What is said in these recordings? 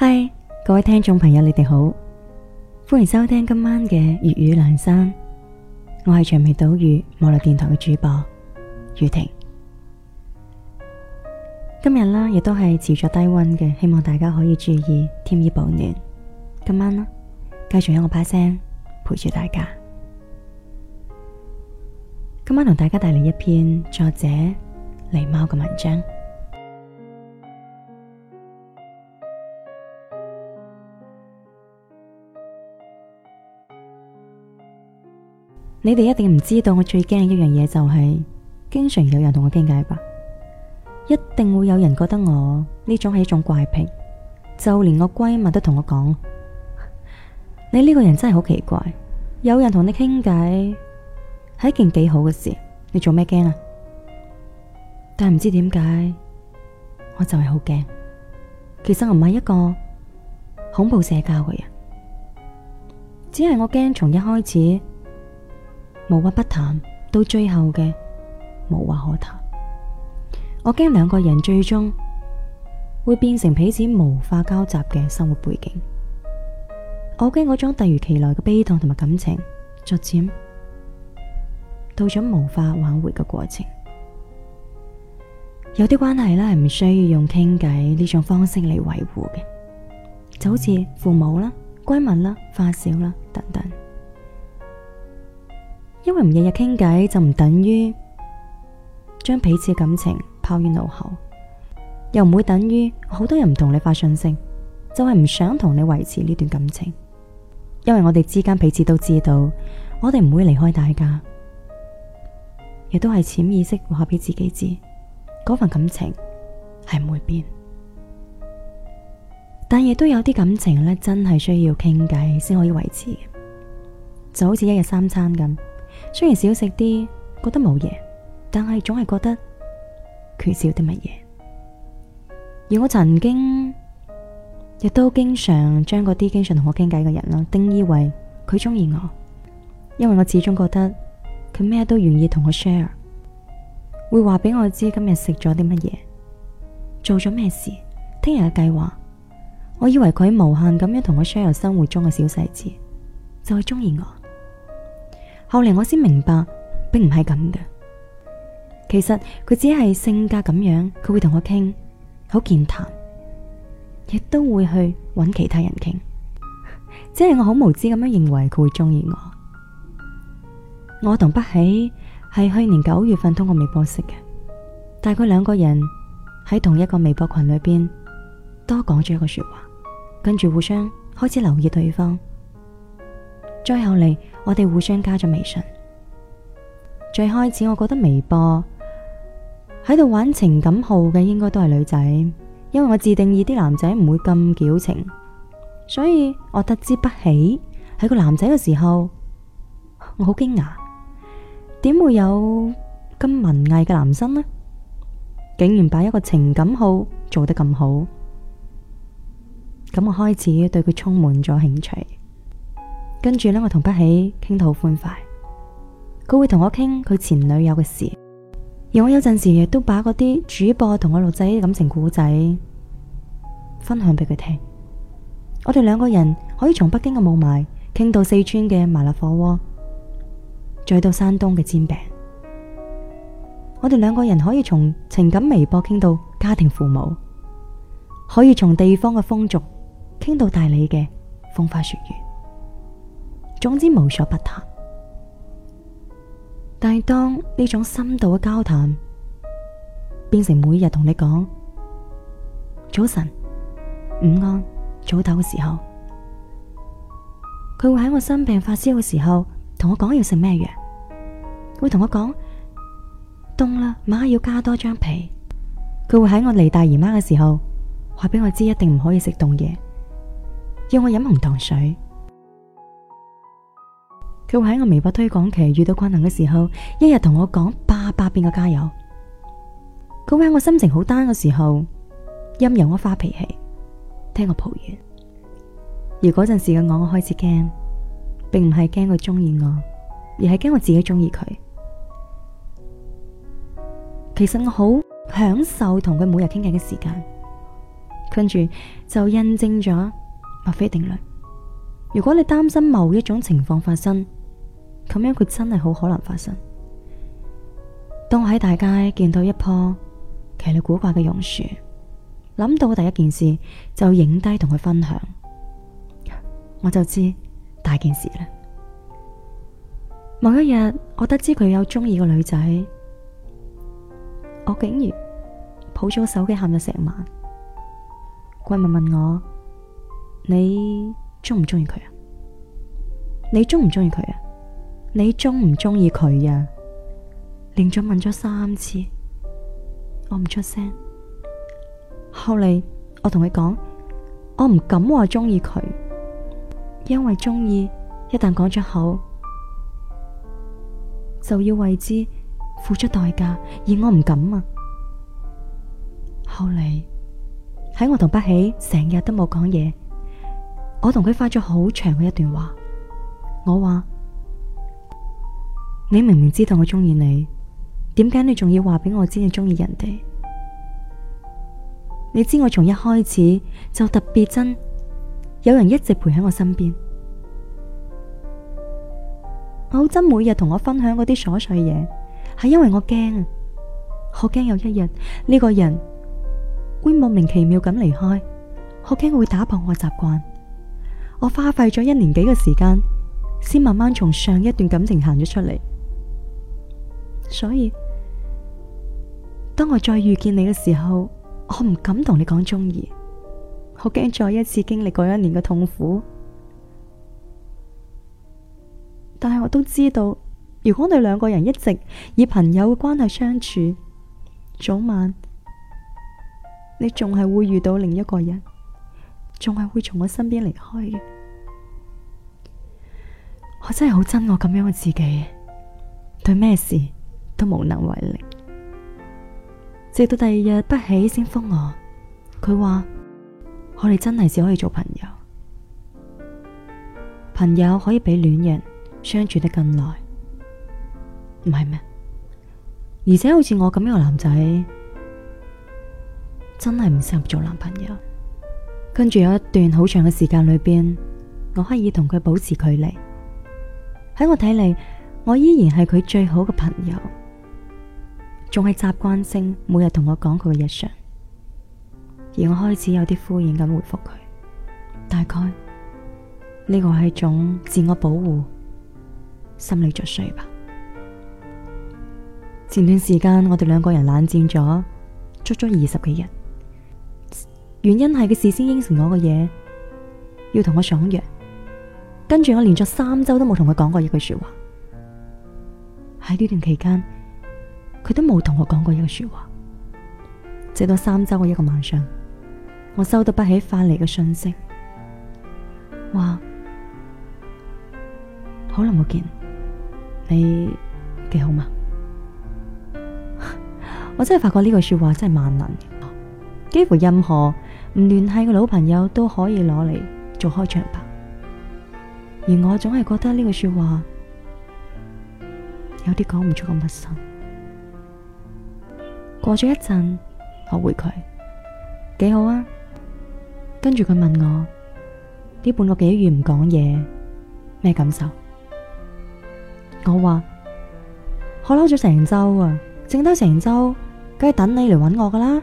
嗨，Hi，各位聽眾朋友，你哋好，歡迎收聽今晚嘅粵語涼山，我係長尾島嶼網絡電台嘅主播雨婷。今日啦，亦都係持續低溫嘅，希望大家可以注意添衣保暖。今晚啦，繼續由我把聲陪住大家。今晚同大家帶嚟一篇作者狸貓嘅文章。你哋一定唔知道，我最驚一樣嘢就係，經常有人同我傾偈吧，一定會有人覺得我呢種係一種怪癖，就連我閨蜜都同我講，你呢個人真係好奇怪，有人同你傾偈係一件幾好嘅事，你做咩驚啊？但唔知點解，我就係好驚。其實我唔係一個恐怖社交嘅人，只係我驚從一開始。無話不談，到最後嘅，無話可談。我驚兩個人最終會變成彼此無法交集嘅生活背景。我驚嗰種突如其來嘅悲痛同埋感情，逐漸到咗無法挽回嘅過程。有啲關係咧係唔需要用傾偈呢種方式嚟維護嘅，就好似父母啦、閨蜜啦、發小啦等等。因為唔日日傾偈就唔等於將彼此感情拋於腦後，又唔會等於好多人唔同你發訊息，就係唔想同你維持呢段感情。因為我哋之間彼此都知道，我哋唔會離開大家，亦都係潛意識話俾自己知嗰份感情係唔會變。但亦都有啲感情咧，真係需要傾偈先可以維持，就好似一日三餐咁。雖然少食啲，覺得冇嘢，但係總係覺得缺少啲乜嘢。而我曾經亦都經常將嗰啲經常同我傾偈嘅人啦，定義為佢中意我，因為我始終覺得佢咩都願意同我 share，會話俾我知今日食咗啲乜嘢，做咗咩事，聽日嘅計劃。我以為佢無限咁樣同我 share 生活中嘅小細節，就係中意我。後嚟我先明白，並唔係咁嘅。其實佢只係性格咁樣，佢會同我傾，好健談，亦都會去揾其他人傾。即係我好無知咁樣認為佢會中意我。我同不喜係去年九月份通過微博識嘅，大概兩個人喺同一個微博群裏邊多講咗一個說話，跟住互相開始留意對方。再後嚟。我哋互相加咗微信。最開始我覺得微博喺度玩情感號嘅應該都係女仔，因為我自定義啲男仔唔會咁矯情，所以我得知不喜係個男仔嘅時候，我好驚訝，點會有咁文藝嘅男生呢？竟然把一個情感號做得咁好，咁我開始對佢充滿咗興趣。跟住呢，我同不喜傾到歡快，佢會同我傾佢前女友嘅事，而我有陣時亦都把嗰啲主播同我錄製啲感情古仔分享俾佢聽。我哋兩個人可以從北京嘅霧霾傾到四川嘅麻辣火鍋，再到山東嘅煎餅。我哋兩個人可以從情感微博傾到家庭父母，可以從地方嘅風俗傾到大理嘅風花雪月。總之無所不談，但係當呢種深度嘅交談變成每日同你講早晨、午安、早唞嘅時候，佢會喺我生病發燒嘅時候同我講要食咩藥，會同我講凍啦，晚黑要加多張被。佢會喺我嚟大姨媽嘅時候話俾我知一定唔可以食凍嘢，要我飲紅糖水。佢會喺我微博推廣期遇到困難嘅時候，一日同我講八百遍嘅加油；佢會喺我心情好 down 嘅時候，任由我發脾氣，聽我抱怨。而嗰陣時嘅我，我開始驚，並唔係驚佢中意我，而係驚我自己中意佢。其實我好享受同佢每日傾偈嘅時間。跟住就印證咗墨菲定律：如果你擔心某一種情況發生，咁樣佢真係好可能發生。當我喺大街見到一棵奇麗古怪嘅榕樹，諗到第一件事就影低同佢分享，我就知大件事啦。某一日，我得知佢有中意個女仔，我竟然抱咗手機喊咗成晚。閨蜜問我：你鍾唔鍾意佢啊？你鍾唔鍾意佢啊？你中唔中意佢呀？連咗問咗三次，我唔出聲。後嚟我同佢講，我唔敢話中意佢，因為中意一旦講出口，就要為之付出代價，而我唔敢啊。後嚟喺我同不喜成日都冇講嘢，我同佢發咗好長嘅一段話，我話。你明明知道我中意你，點解你仲要話俾我知你中意人哋？你知我從一開始就特別憎，有人一直陪喺我身邊，我好憎每日同我分享嗰啲瑣碎嘢，係因為我驚啊，好驚有一日呢個人會莫名其妙咁離開，好驚會打破我習慣。我花費咗一年幾嘅時間，先慢慢從上一段感情行咗出嚟。所以，當我再遇見你嘅時候，我唔敢同你講鍾意，好驚再一次經歷嗰一年嘅痛苦。但係我都知道，如果你兩個人一直以朋友嘅關係相處，早晚你仲係會遇到另一個人，仲係會從我身邊離開嘅。我真係好憎我咁樣嘅自己，對咩事，都無能為力，直到第二日不喜先覆我。佢話、啊：我哋真係只可以做朋友，朋友可以比戀人相處得更耐，唔係咩？而且好似我咁樣嘅男仔，真係唔適合做男朋友。跟住有一段好長嘅時間裏邊，我可以同佢保持距離。喺我睇嚟，我依然係佢最好嘅朋友。仲係習慣性每日同我講佢嘅日常，而我開始有啲敷衍咁回覆佢。大概呢個係種自我保護心理作祟吧。前段時間我哋兩個人冷戰咗，足足二十幾日。原因係佢事先應承我嘅嘢，要同我爽約。跟住我連續三周都冇同佢講過一句說話。喺呢段期間。佢都冇同我講過一個說話，直到三周嘅一個晚上，我收到不喜翻嚟嘅信息，話好耐冇見，你幾好嘛？ 我真係發覺呢個說話真係萬能嘅，幾乎任何唔聯繫嘅老朋友都可以攞嚟做開場白，而我總係覺得呢個說話有啲講唔出咁陌生。過咗一陣，我回佢幾好啊。跟住佢問我呢半個幾個月唔講嘢咩感受？我話我嬲咗成周啊，淨得成周，梗係等你嚟揾我噶啦。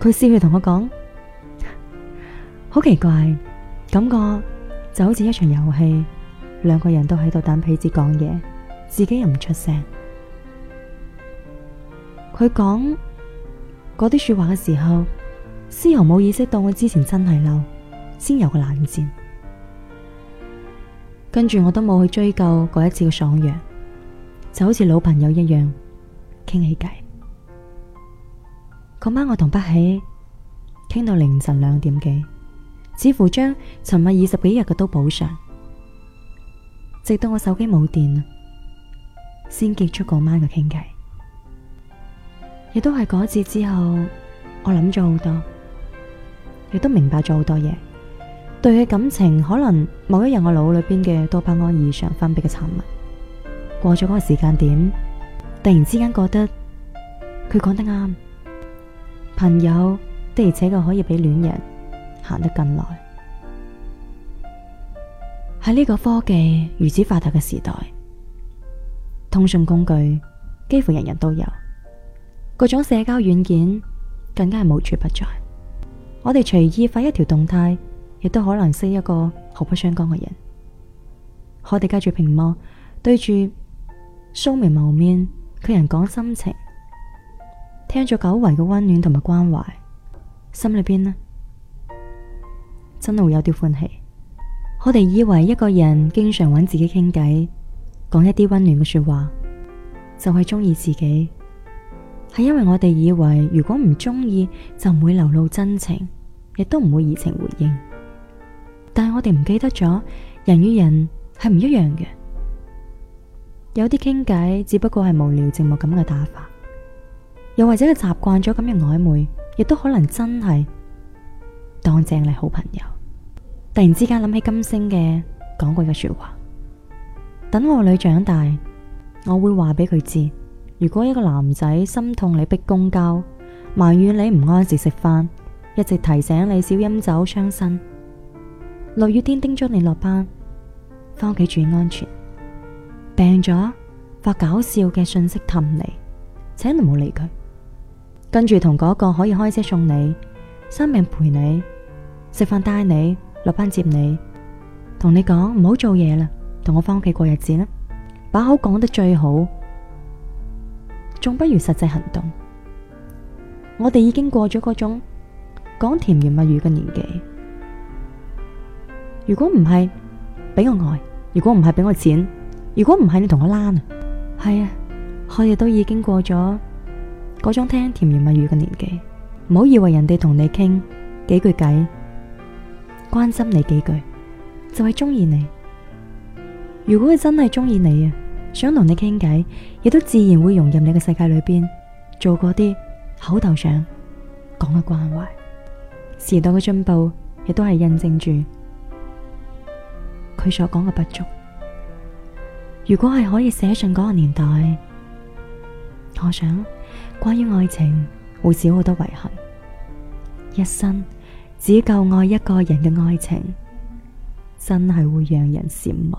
佢笑住同我講，好奇怪，感覺就好似一場遊戲，兩個人都喺度等彼此講嘢，自己又唔出聲。佢講嗰啲說話嘅時候，絲毫冇意識到我之前真係嬲，先有個冷戰。跟住我都冇去追究嗰一次嘅爽約，就好似老朋友一樣傾起偈。嗰晚我同不喜傾到凌晨兩點幾，似乎將沉默二十幾日嘅都補償，直到我手機冇電，先結束嗰晚嘅傾偈。亦都係嗰次之後，我諗咗好多，亦都明白咗好多嘢。對佢嘅感情，可能某一日我腦裏邊嘅多巴胺異常分泌嘅產物，過咗嗰個時間點，突然之間覺得佢講得啱。朋友的而且確可以比戀人行得更耐。喺呢個科技如此發達嘅時代，通訊工具幾乎人人都有。各種社交軟件更加係無處不在，我哋隨意發一條動態，亦都可能識一個毫不相干嘅人。我哋隔住屏幕，對住素未謀面佢人講心情，聽咗久違嘅温暖同埋關懷，心裏邊呢，真係會有啲歡喜。我哋以為一個人經常揾自己傾偈，講一啲温暖嘅說話，就係中意自己。係因為我哋以為如果唔中意就唔會流露真情，亦都唔會以情回應。但係我哋唔記得咗，人與人係唔一樣嘅。有啲傾偈只不過係無聊寂寞咁嘅打法，又或者佢習慣咗咁嘅曖昧，亦都可能真係當正你好朋友。突然之間諗起金星嘅講過嘅說話，等我女長大，我會話俾佢知。如果一個男仔心痛你逼公交，埋怨你唔按時食飯，一直提醒你少飲酒傷身，落雨天叮囑你落班返屋企注意安全，病咗發搞笑嘅信息氹你，請你唔好理佢，跟住同嗰個可以開車送你、生病陪你、食飯帶你、落班接你，同你講唔好做嘢啦，同我返屋企過日子啦，把口講得最好。仲不如實際行動。我哋已經過咗嗰種講甜言蜜語嘅年紀。如果唔係俾我愛，如果唔係俾我錢，如果唔係你同我攬，係啊，我哋都已經過咗嗰種聽甜言蜜語嘅年紀。唔好以為人哋同你傾幾句偈，關心你幾句就係中意你。如果佢真係中意你啊，想同你傾偈，亦都自然會融入你嘅世界裏邊，做嗰啲口頭上講嘅關懷。時代嘅進步亦都係印證住佢所講嘅不足。如果係可以寫進嗰個年代，我想關於愛情會少好多遺憾。一生只夠愛一個人嘅愛情，真係會讓人羨慕。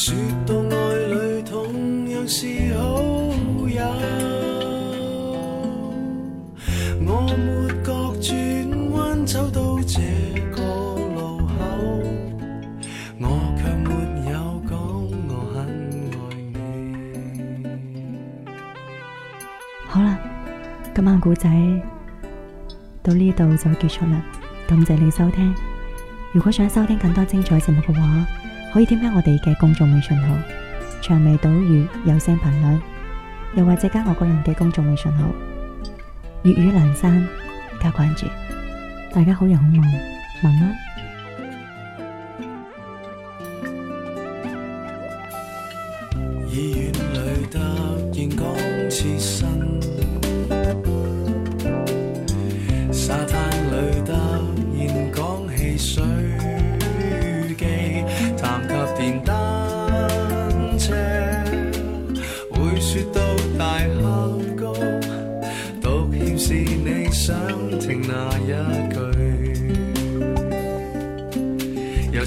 說到愛侶同樣是好友，我沒各轉彎走到這個路口，我卻沒有講我很愛你。好啦，今晚故仔到呢度就結束啦，感謝你收聽。如果想收聽更多精彩節目嘅話，可以添加我哋嘅公眾微信號“長眉島嶼有聲頻率”，又或者加我個人嘅公眾微信號“粵語闌珊”，加關注。大家好又，有好夢，晚安。醫院裏突然講切身，沙灘裏突然講汽水。